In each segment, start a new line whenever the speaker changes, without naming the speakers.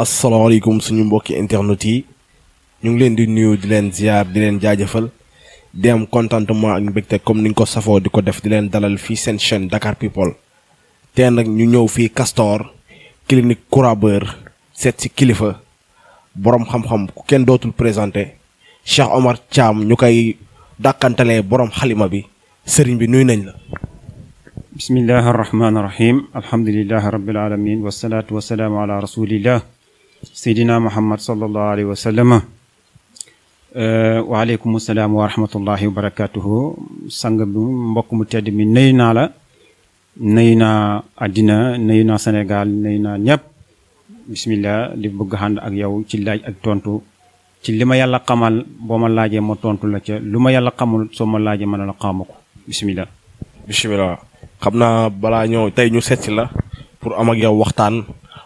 asalaamaaleykum suñu mbokki internet yi ñu ngi leen di nuyu di leen ziar di leen jaajëfal di am contentement ak mbégte comme ni ko safoo di ko def di leen dalal fii seen chaîne Dakar People te nag ñu ñëw fii Castor clinique Kourabeur seet si kilifa boroom xam-xam ku kenn dootul présenté Cheikh Omar Thiam ñu koy dàkkantalee borom xalima bi sëriñ bi nuyu nañ la. bismillahi rahmaani rahim alhamdulilahi rabbil alamin wasalaatu wasalaamu ala rasulillah.
seydina muhammad sallallahu alayhi wa sallama uh, waaleykum salaam wa rahmatullahi sang bi mbokk mu tedd mi nuyu naa la nuyu naa àddina nuyu naa Sénégal nuyu ñëpp bismillah di bëgg ànd ak yow ci laaj ak tontu ci li ma yàlla xamal boo ma laajee ma
tontu la ca lu ma yàlla xamul soo ma laajee ma ne la xamu ko bismillah bismillah xam naa balaa ñëw tey ñu seet la pour am ak yow waxtaan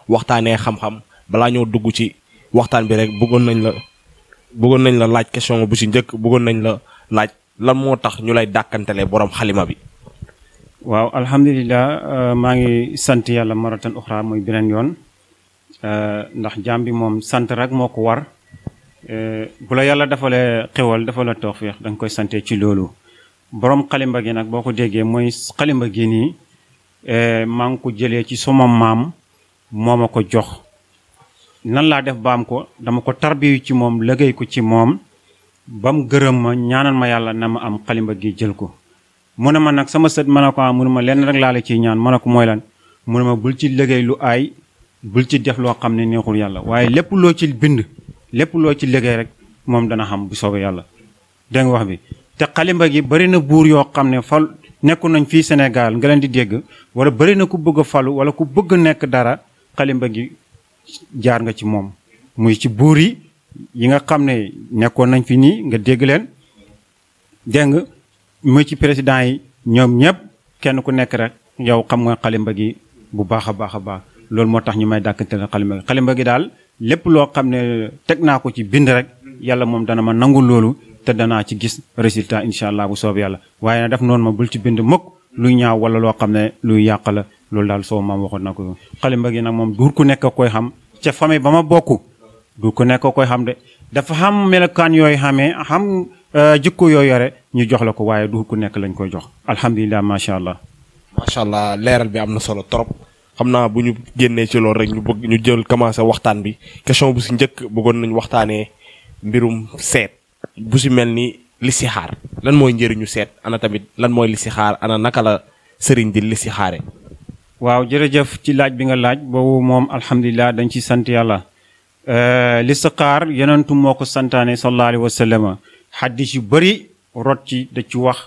waxtaanee xam-xam balaa ñoo dugg ci waxtaan bi rek bëggoon nañ la bëggoon nañ la laaj question bu si njëkk buggoon nañ la laaj lan moo tax ñu lay dàkkantelee borom xalima bi. waaw
alhamdulilah euh, maa ngi sant yàlla maratan uxra muy beneen yoon euh, ndax jaam bi moom sant rek moo ko war euh, bu la yàlla dafa la xewal dafa la tawfiix da nga koy sante ci loolu. borom xalimba gi nag boo ko déggee mooy xalimba gi nii maa ngi ko jëlee ci suma maam moom a ko jox nan laa def baam ko dama ko tarbiyu ci moom liggéey ko ci moom ba mu gërëm ma ñaanal ma yàlla na ma am xalimba gi jël ko mu ne ma nag sama set ma ne ko ah mu ne ma lenn rek laala la ciy ñaan ma ne ko mooy lan mu ne ma bul ci liggéey lu aay bul ci def loo xam ne neexul yàlla waaye lépp loo ci bind lépp loo ci liggéey rek moom dana xam bu soobee yàlla dégg wax bi te xalimba gi bari na buur yoo xam ne fal nekku nañ fii Sénégal nga leen di dégg wala bari na ku bëgg a falu wala ku bëgg nekk dara xalimba gi jaar nga ci moom muy ci buur yi yi nga xam ne nekkoon nañ fi nii nga dégg leen dégg nga muy ci président yi ñoom ñëpp kenn ku nekk rek yow xam nga xalimba gi bu baax a baax a baax loolu moo tax ñu may dàkkanteel xalimba gi xalimba gi daal lépp loo xam ne teg naa ko ci bind rek yàlla moom dana ma nangu loolu te danaa ci gis résultat incha allah bu soob yàlla waaye nag def noonu ma bul ci bind mukk luy ñaaw wala loo xam ne luy yàq la loolu daal soo maam waxoon na ko ca famille ba ma bokk du ku nekk koy xam de dafa xam melokaan yooyu xamee xam
euh, jikko yooyu yore ñu jox la ko waaye du ku nekk lañ koy jox alhamdulilah macha allah. macha allah leeral bi am na solo trop xam naa bu ñu génnee ci loolu rek ñu bëgg ñu jël commencé waxtaan bi question bu si njëkk bëggoon nañu waxtaanee mbirum seet bu si mel ni listixaar lan mooy njëriñu seet ana tamit lan mooy listixaar ana naka la sëriñ di listixaare
waaw jërëjëf ci laaj bi nga laaj boobu moom alhamdulilah dañ ci sant yàlla eh, listixaar yonentu moo ko santaane sallallahu alayhi wa sallam xaddis yu bëri rot ci da ci wax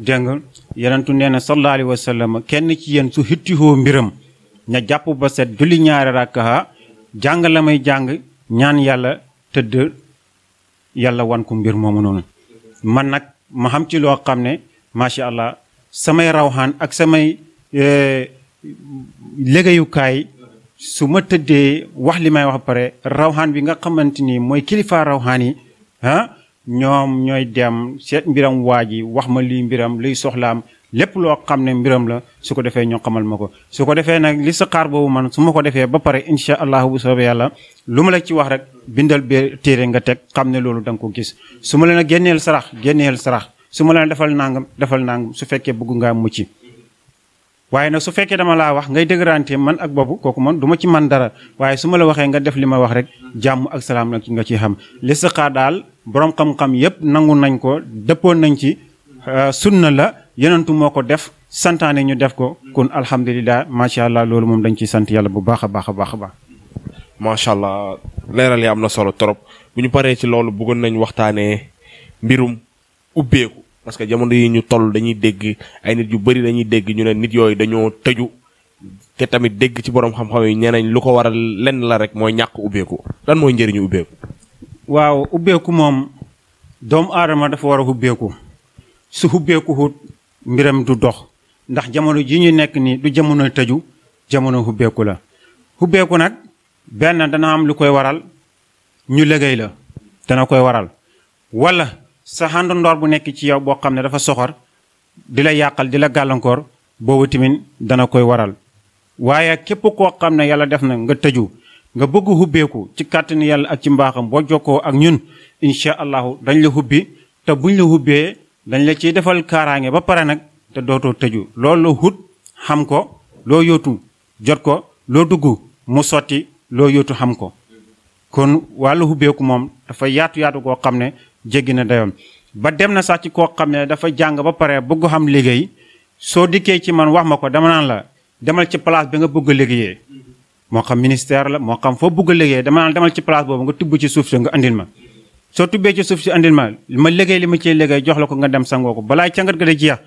dégg nga yonentu nee na sallallahu alayhi wa sallam kenn ci yéen su hittihoo mbiram na jàpp ba set julli ñaari rakkaha jàng la may jàng ñaan yàlla tëdd yàlla wan ko mbir moomu noonu man nag ma xam ci loo xam ne macha allah samay rawxaan ak samay eh, légéyukaay su ma tëddee wax li may wax pare rawxaan bi nga xamante ni mooy kilifaa rawxaan yi ah ñoom ñooy dem seet mbiram waa ji wax ma luy mbiram luy soxlaam lépp loo xam ne mbiram la su ko defee ñoo xamal ma ko su ko defee nag li sa xaar boobu man su ma ko defee ba pare incha allahu bu soobee yàlla lu ma la ci wax rek bindal bee téere nga teg xam ne loolu da nga ko gis su ma leen a génneel sarax génneel sarax su ma leen defal nangam defal nangam su fekkee bëgg ngaa mucc waaye nag su fekkee dama laa wax ngay dëgërante man ak boobu kooku man duma ci man dara waaye su ma la waxee nga def li ma wax rek jàmm ak salaam la nga ciy xam listiqaar daal borom xam-xam yépp nangu nañ ko dëppoon nañ ci euh, sunna la yenentu moo ko def santaane ñu def ko kon alhamdulilah macha allah loolu moom dañ ciy sant yàlla bu baax a baax a baax baax
macha allah leeral yi am na solo trop bu ñu paree ci loolu bëggoon nañ waxtaanee mbirum ubbeeku parce que jamono yi ñu toll dañuy dégg ay nit yu bëri dañuy dégg ñu ne nit yooyu dañoo tëju te tamit dégg ci borom xam-xam yi ñeneen lu ko waral lenn la rek mooy ñàkk ubbeeku lan mooy njëriñu ubbeeku.
waaw ubbeeku moom doomu aadama dafa war a ubbeeku su ubbeekuwut mbiram du dox ndax jamono ji ñu nekk ni du jamono tëju jamono ubbeeku la ubbeeku nag benn dana am lu koy waral ñu liggéey la dana koy waral wala. sa àndandoor bu nekk ci yow boo xam ne dafa soxor di la yàqal di la gàllankoor boobu tamit dana koy waral waaye képp koo xam ne yàlla def na nga tëju nga bëgg hubbeeku ci kàttan yàlla ak ci mbaaxam boo jokkoo ak ñun incha allahu dañ la hubbi te buñ la hubbee dañ la ciy defal kaaraange ba pare nag te dootoo tëju loolu hut xam ko loo yootu jot ko loo dugg mu sotti loo yootu xam ko kon wàllu hubbeeku moom dafa yaatu yaatu koo xam ne jéggi na dayoom ba dem na sax ci koo xam ne dafa jàng ba pare bëgg xam léggéey soo dikkee ci man wax ma ko dama naan la demal ci place bi nga bëgg a moo xam ministère la moo xam foo bugg a liggéey dama naan demal ci place boobu nga tibb ci suuf si nga andil ma soo tibbee ci suuf si andil ma ma liggéey li ma ciy liggéey jox la ko nga dem sangoo ko balaa cangat ga da jeex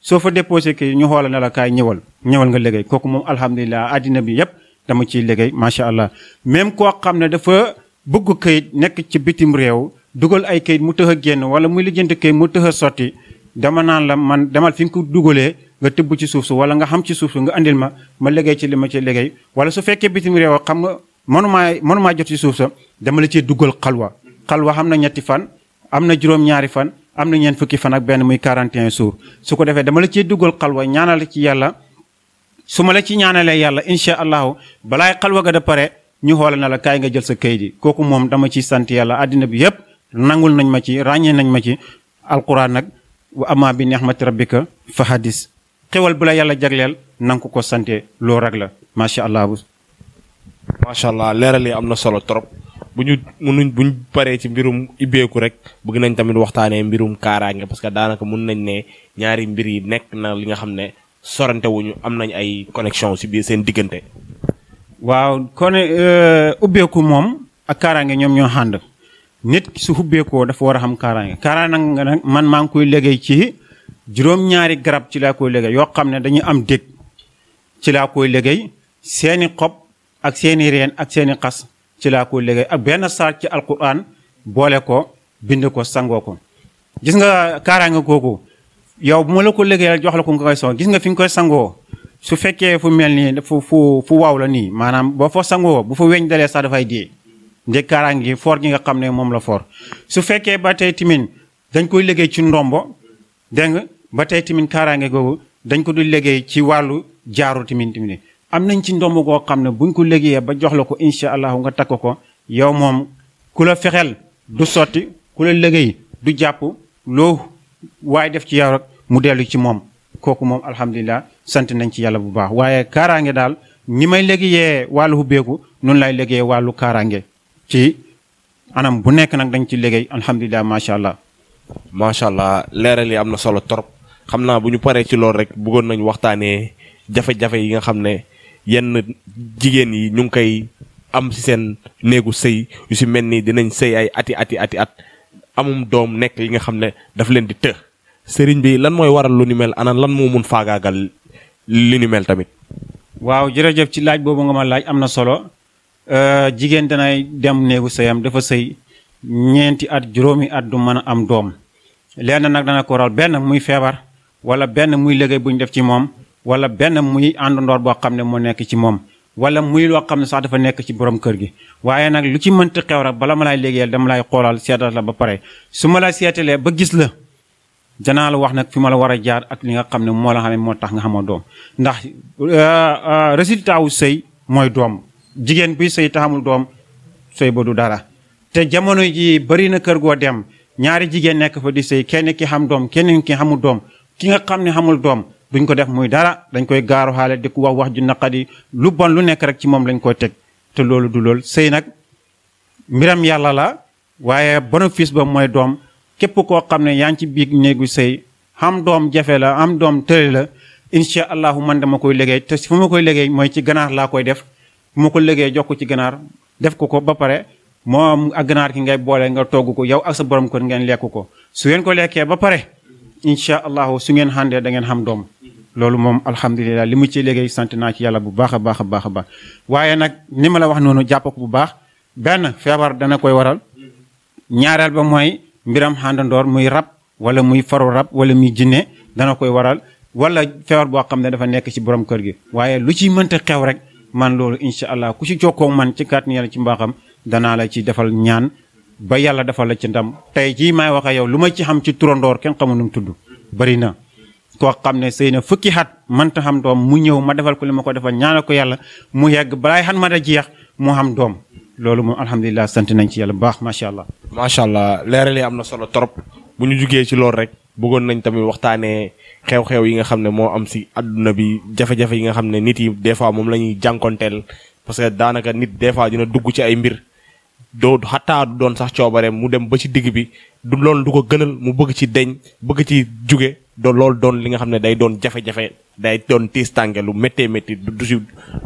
soo fa déposé kii ñu xoolal na la kaay ñëwal ñëwal nga liggéey kooku moom alhamdulilah àddina bi yépp dama ciy liggéey macha allah même koo xam ne dafa bëgg këyit nekk ci bitim réew dugal ay kayit mu tëx a génn wala muy lijjante kayit mu tëx a sotti dama naan la man demal fi nga dugalee nga tëbb ci suuf sa wala nga xam ci suuf su nga andil ma ma liggéey ci li ma ci liggéey wala su fekkee bitim réew xam nga mënumaa mënumaa jot ci suuf sa dama la cee dugal xalwa xalwa xam na ñetti fan am na juróom-ñaari fan am na ñeen fukki fan ak benn muy 41 jours su ko defee dama la cee dugal xalwa ñaanal ci yàlla su ma la ci ñaanalee yàlla incha allahu balaay xalwa ga da pare ñu xoolal na la kaay nga jël sa kayit yi kooku moom dama ciy sant yàlla àddina bi yépp nangul nañ ma ci ràññee nañ ma ci alquran nag wa ama bi nihmati rabbika fa hadis xewal bu la yàlla
jagleel nanga ko ko sante loo rag la macha allah. macha allah leerale yi am na solo trop bu ñu mënuñ bu ñu paree ci mbirum ibbeeku rek bëgg nañ tamit waxtaanee mbirum kaaraange parce que daanaka mun nañ ne ñaari mbir yi nekk na li nga xam ne sorante wuñu am nañ ay connexion ci biir seen diggante. waaw kon euh,
ubbeeku moom ak kaaraange ñoom ñoo xànd nit su xubbeekoo dafa war a xam kaaraange kaaraange nag man maa ngi koy liggéey ci juróom-ñaari garab ci laa koy liggéey yoo xam ne dañuy am dég ci laa koy liggéey seeni xob ak seeni reen ak seeni xas ci laa koy liggéey benn saar ci alquran boole ko bind ko sangoo ko gis nga kaaraange kooku yow bu ma la ko liggéeyal jox la ko nga koy sangoo gis nga fi nga koy sangoo su fekkee fu mel nii fu fu fu waaw la nii maanaam boo fa sangoo bu fa weñ dalee sax dafay dee ndekaaraange gi foor gi nga xam ne moom la foor su fekkee ba tey timin dañ koy liggéey ci ndombo dégg nga ba tey timin kaaraange googu dañ ko du léggéey ci wàllu jaaru timin timin am nañ ci ndomb goo xam ne buñ ko liggéeyee ba jox la ko incha allahu nga takk ko yow moom ku la fexeel du sotti ku la liggéey du jàpp loo waaye def ci yow mu dellu ci moom kooku moom alhamdulilah sant nañ ci yàlla bu baax waaye kaaraange daal ni may liggéeyee wàllu ubbeeku noonu lay liggéeyee wàllu
kaaraange ci anam bu nekk nag dañ ci liggéey alhamdulilah macha allah. macha allah leeral yi am na solo trop xam naa bu ñu paree ci loolu rek bëggoon nañu waxtaanee jafe-jafe yi nga xam ne yenn jigéen yi ñu ngi koy am ci seen néegu sëy yu ci mel nii dinañ sëy ay ati ati ati at amum doom nekk yi nga xam ne daf leen di të. sëriñ bi lan mooy waral lu ni mel ana lan moo mun faagaagal li ni mel tamit. waaw jërëjëf ci laaj boobu nga ma laaj am na solo. Euh,
jigéen danay dem néegu sëyam dafa sëy ñeenti at juróomi at du mën a am doom lenn nag dana ko benn muy feebar wala benn muy liggéey bu ñu def ci moom wala benn muy àndandoor boo xam ne moo nekk ci moom wala muy loo xam ne sax dafa nekk ci borom kër gi waaye nag lu ci mënti xew rek bala ma lay liggéeyal dama lay xoolal seetal la ba pare su ma la seetalee ba gis la danaa la wax nag fi ma la war a jaar ak li nga xam ne moo la xam ne moo tax nga xamoo doom ndax euh, euh, résultat wu sëy mooy doom jigéen buy sëy taxamul doom sëy ba du dara te jamono ji bëri na kër goo dem ñaari jigéen nekk fa di sëy kenn ki xam doom kenn ki xamul doom ki nga xam ne xamul doom duñ ko def muy dara dañ koy gaaru xaale di ko wax wax ju naqadi lu bon lu nekk rek ci moom lañ koy teg te loolu du lool sëy nag mbiram yàlla la waaye bénéfice ba mooy doom képp koo xam ne yaa ngi ci biig néegu sëy xam doom jafe la am doom tële la incha allahu man dama koy liggéey te fu ma koy liggéey mooy ci ganaar laa koy def bu ma ko légee jox ko ci ganaar def ko ko ba pare moom ak ganaar ki ngay boole nga togg ko yow ak sa borom kër ngeen lekk ko su ngeen ko lekkee ba pare incha allahu su ngeen xàndee da ngeen xam doom loolu moom alhamdulilah li mu ci liggéey sant naa ci yàlla bu baax a baax a baax a baax waaye nag ni ma la wax noonu jàpp ko bu baax benn feebar dana koy waral ñaareel ba mooy mbiram xàndandoor muy rab wala muy faru rab wala muy jinne dana koy waral wala feebar boo xam ne dafa nekk ci borom kër gi waaye lu ci mënta xew rek man loolu incha allah ku ci jokkoo man ci kàttan yàlla ci mbaaxam danaa la ci defal ñaan ba yàlla defal la ci ndam tey jii may wax ak yow lu ma ci xam ci turandoor kenn xamu nu mu tudd bëri na. koo xam ne sëy na fukki xat mënta xam doom mu ñëw ma defal ko li ma ko defal ñaanal ko yàlla mu yegg balaay xan ma da jeex mu xam doom
loolu moom alhamdulilah sant nañ ci yàlla bu baax macha allah. macha allah leeral yi am na solo trop bu ñu jugee ci loolu rek bëggoon nañ tamit waxtaanee xew-xew yi nga xam ne moo am si àdduna bi jafe-jafe yi nga xam ne nit yi des fois moom la ñuy jànkonteel parce que daanaka nit des fois dina dugg ci ay mbir doo xataa doon sax coobareem mu dem ba ci digg bi du loolu du ko gënal mu bëgg ci deñ bëgg ci jóge doon loolu doon li nga xam ne day doon jafe-jafe day doon tiis tànge lu méttee métti du si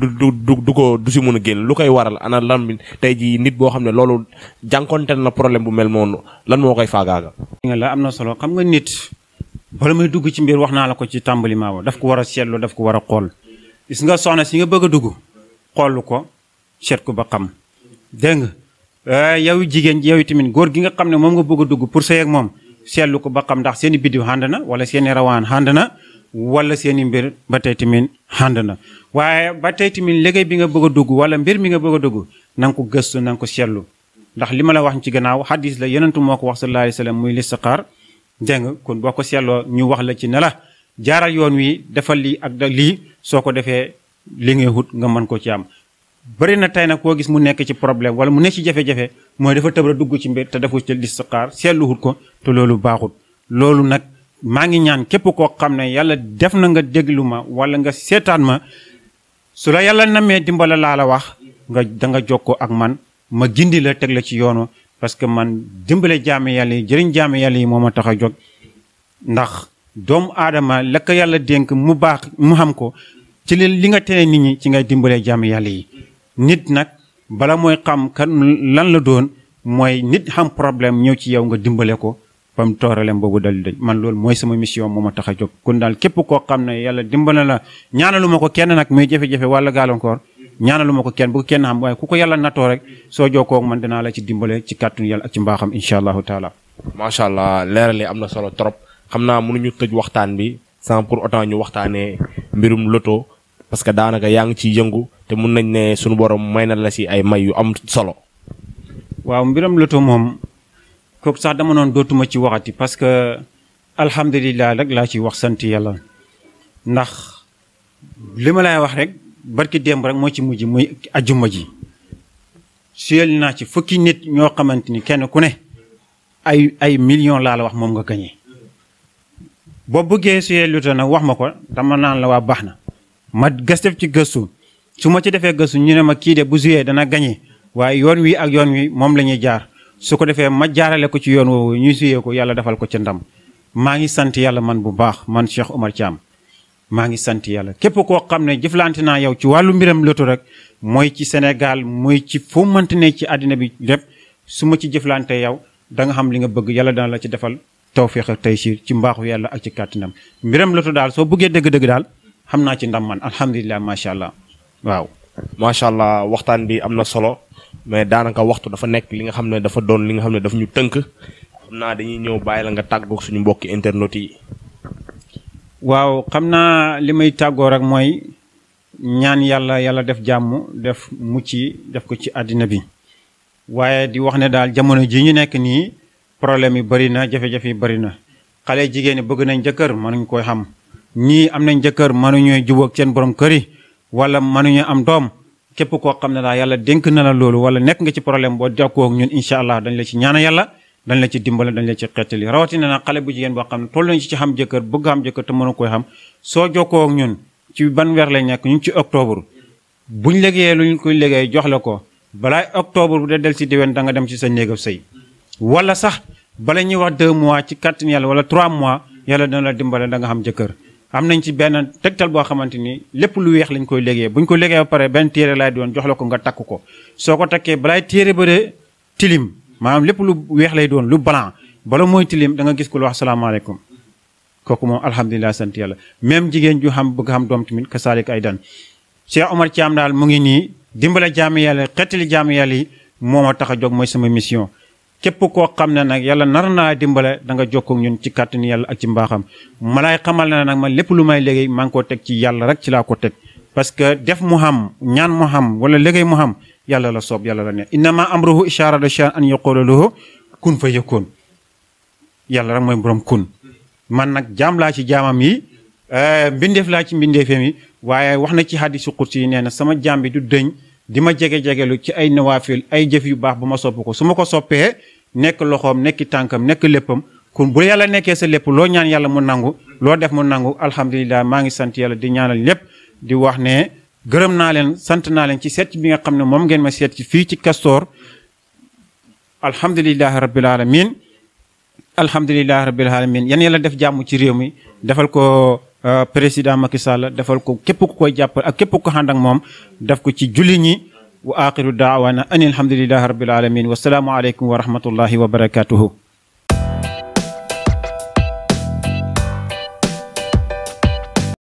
du du du ko du si mun a génn lu koy waral ana lan bi tey jii nit boo xam ne loolu jànkoonte na problème bu mel noonu lan moo koy faagaaga. la
am na solo xam nga nit bala may dugg ci mbir wax naa la ko ci tàmbali maaw daf ko war a seetlu daf ko war a xool gis nga soxna si nga bëgg a dugg xoolu ko seet ko ba xam dégg nga eh, yow jigéen yow tamit góor gi nga xam ne moom nga bëgg dugg pour sëy ak moom. seetlu ko ba xam ndax seen i biddiw ànd na wala seen i rawaan ànd na wala seen i mbir ba tey tamit ànd na waaye ba tey tamit liggéey bi nga bëgg dugg wala mbir mi nga bëgg a dugg na ko gëstu na ko seetlu ndax li ma la wax ci gannaaw xadis la yenentu ko wax sallallahu alayhi wa sallam muy listixaar dégg nga kon boo ko seetloo ñu wax la ci ne la jaaral yoon wi defal lii ak lii soo ko defee li nga mën ko ci am bëri na tey nag koo gis mu nekk ci problème wala mu nekk ci jafe-jafe mooy dafa tëb a dugg ci mbir te dafa ci listixaar seetluwut ko te loolu baaxut loolu nag maa ngi ñaan képp koo xam ne yàlla def na nga déglu ma wala nga seetaan ma su la yàlla nammee dimbala laa la wax nga danga nga ko ak man ma gindi la teg la ci yoonu parce que man dimbale jaame yàlla yi jëriñ jaame yàlla yi moo ma tax a jóg ndax doomu aadama la yàlla dénk mu baax mu xam ko ci li li nga tene nit ñi ci ngay dimbalee jaam yàlla yi nit nag bala mooy xam kan lan la doon mooy nit xam problème ñëw ci yow nga dimbale ko ba mu tooraleem boobu dal di man loolu mooy sama mission moom ma tax a jóg kon daal képp koo xam ne yàlla dimbale la ñaanalu ma ko kenn nag muy jafe-jafe gàllankoor ñaanalu ma ko kenn bu kenn xam waaye ku ko yàlla natoo rek
soo jokkoo man dinaa la ci dimbale ci kàttanu yàlla ak ci mbaaxam incha allahu taala. macha allah leeral yi am na solo trop xam naa mënuñu tëj waxtaan bi sans pour autant ñu waxtaanee mbirum loto. parce que daanaka yaa ngi ciy yëngu te mun nañ ne suñu borom may na la si ay may yu am solo.
waaw mbiram loto moom kooku sax dama noon dootuma ci waxati parce que alhamdulilah rek laa ciy wax sant yàlla ndax li ma lay wax rek barki démb rek moo ci mujj muy ajjuma ji. suyal naa ci fukki nit ñoo xamante ni kenn ku ne ay ay millions laa la wax moom nga gañee boo bëggee suyal loto nag wax ma ko dama naan la waa baax na. ma gas def ci gëstu su ma ci defee gëstu ñu ne ma kii de bu joué dana gañe waaye yoon wi ak yoon wi moom la ñuy jaar su ko defee ma jaarale ko ci yoon woowu ñu juye ko yàlla defal ko ca ndam maa ngi sant yàlla man bu baax man Cheikh Omar Thiam maa ngi sant yàlla képp koo xam ne jëflante naa yow ci wàllu mbiram loto rek mooy ci Sénégal mooy ci foo mënti ne ci àddina bi lépp su ma ci jëflante yow da nga xam li nga bëgg yàlla dana la ci defal tawféex ak taysiir ci mbaaxu yàlla ak ci kàttanam mbiram xam naa ci ndam
man alhamdulilah macha allah waaw. macha allah waxtaan bi am na solo mais daanaka waxtu dafa nekk li nga xam ne dafa doon li nga xam ne daf ñu tënk xam naa dañuy ñëw bàyyi la nga tàggoog suñu mbokki internet yi. waaw xam naa li may tàggoo rek mooy
ñaan yàlla yàlla def jàmm def mucc yi def ko ci àddina bi waaye di wax ne daal jamono ji ñu nekk nii problème yi bari na jafe-jafe yi bari na xale jigéen ñi bëgg nañ jëkkër man nañ koy xam. ñii am nañ jëkkër mënuñoo jubóog seen borom kër yi wala mënuñoo am doom képp koo xam ne daal yàlla dénk na la loolu wala nekk nga ci problème boo jokkoo ak ñun incha allah dañ la ci ñaana yàlla dañ la ci dimbale dañ la ci xettali rawatina na xale bu jigéen boo xam ne toll nañ ci xam jëkkër bëgg xam jëkkër te mënu koy xam soo jokkoo ak ñun ci ban weer lay nekk ñu ci octobre buñ lu ñu koy liggéey jox la ko balaay octobre bu de del si déwén da nga dem ci sa néegam sëy wala sax bala ñuy wax deux mois ci kattan yàlla wala trois mois yàlla dana la dimbale da nga xam jëkkër am nañ ci benn tegtal boo xamante ni lépp lu weex lañ koy bu ñu ko légee ba pare benn téere laay doon jox la ko nga takk ko soo ko takkee balaay téere ba de tilim maanaam lépp lu weex lay doon lu blanc bala mooy tilim danga gis ko lu wax salaamaaleykum kooku moom alhamdulilah sant yàlla même jigéen ju xam bëgg xam doom tamit kasaalik ay dan Cheikh Omar Thiam daal mu ngi nii dimbale jaami yàlla xettali jaami yàlla yi moo ma tax a jóg mooy sama mission képp koo xam ne nag yàlla nar naa dimbale danga nga jokkoo ñun ci kàttan yàlla ak ci mbaaxam ma lay xamal ne nag man lépp lu may liggéey maa ngi koo teg ci yàlla rek ci laa ko teg parce que def mu xam ñaan mu xam wala liggéey mu xam yàlla la soob yàlla la ne innama amruhu isharada shan an yaqula lahu kun fa yakun yàlla rek mooy boroom kun man nag jaam laa ci jaamam yi eh, mbindeef laa ci mbindeefeem yi waaye wax na ci xadisu xursi si nee na sama jaam bi du dëñ di ma jege-jegelu ci ay nawaafil ay jëf yu baax ba ma sopp ko su ma ko soppee nekk loxoom nekki tànkam nekk léppam kon bu yàlla nekkee sa lépp loo ñaan yàlla mu nangu loo def mu nangu alhamdulilah maa ngi sant yàlla di ñaanal lépp di wax ne gërëm naa leen sant naa leen ci seet bi nga xam ne moom ngeen ma seet ci fii ci Castor alhamdulilahi rabil alamin alhamdulilahi rabil alamin yan yàlla def jàmm ci réew mi defal ko Euh, président Macky Sall defal ko képp ku koy jàppal ak képp ku ànd ak moom def ko ci julli ñi wa axiru daawaana an alhamdulillahi rabbil alamin wa salaamu aleykum wa rahmatullahi wa barakatuhu